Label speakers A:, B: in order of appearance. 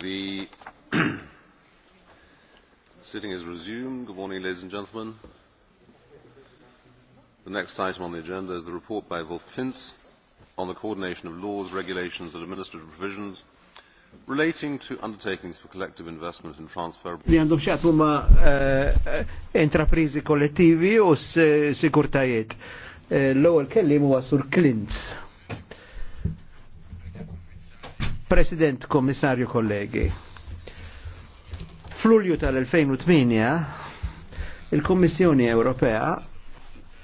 A: The sitting is resumed. Good morning, ladies and gentlemen. The next item on the agenda is the report by Wolf Pintz on the coordination of laws, regulations and administrative provisions relating to undertakings for collective investment and transfer
B: intraprizi kollettivi u eh, sigurtajiet. Eh, l-ewwel kellim huwa sur Klintz. President, Kommissarju, kollegi. F'Lulju tal-2008 il-Kommissjoni Ewropea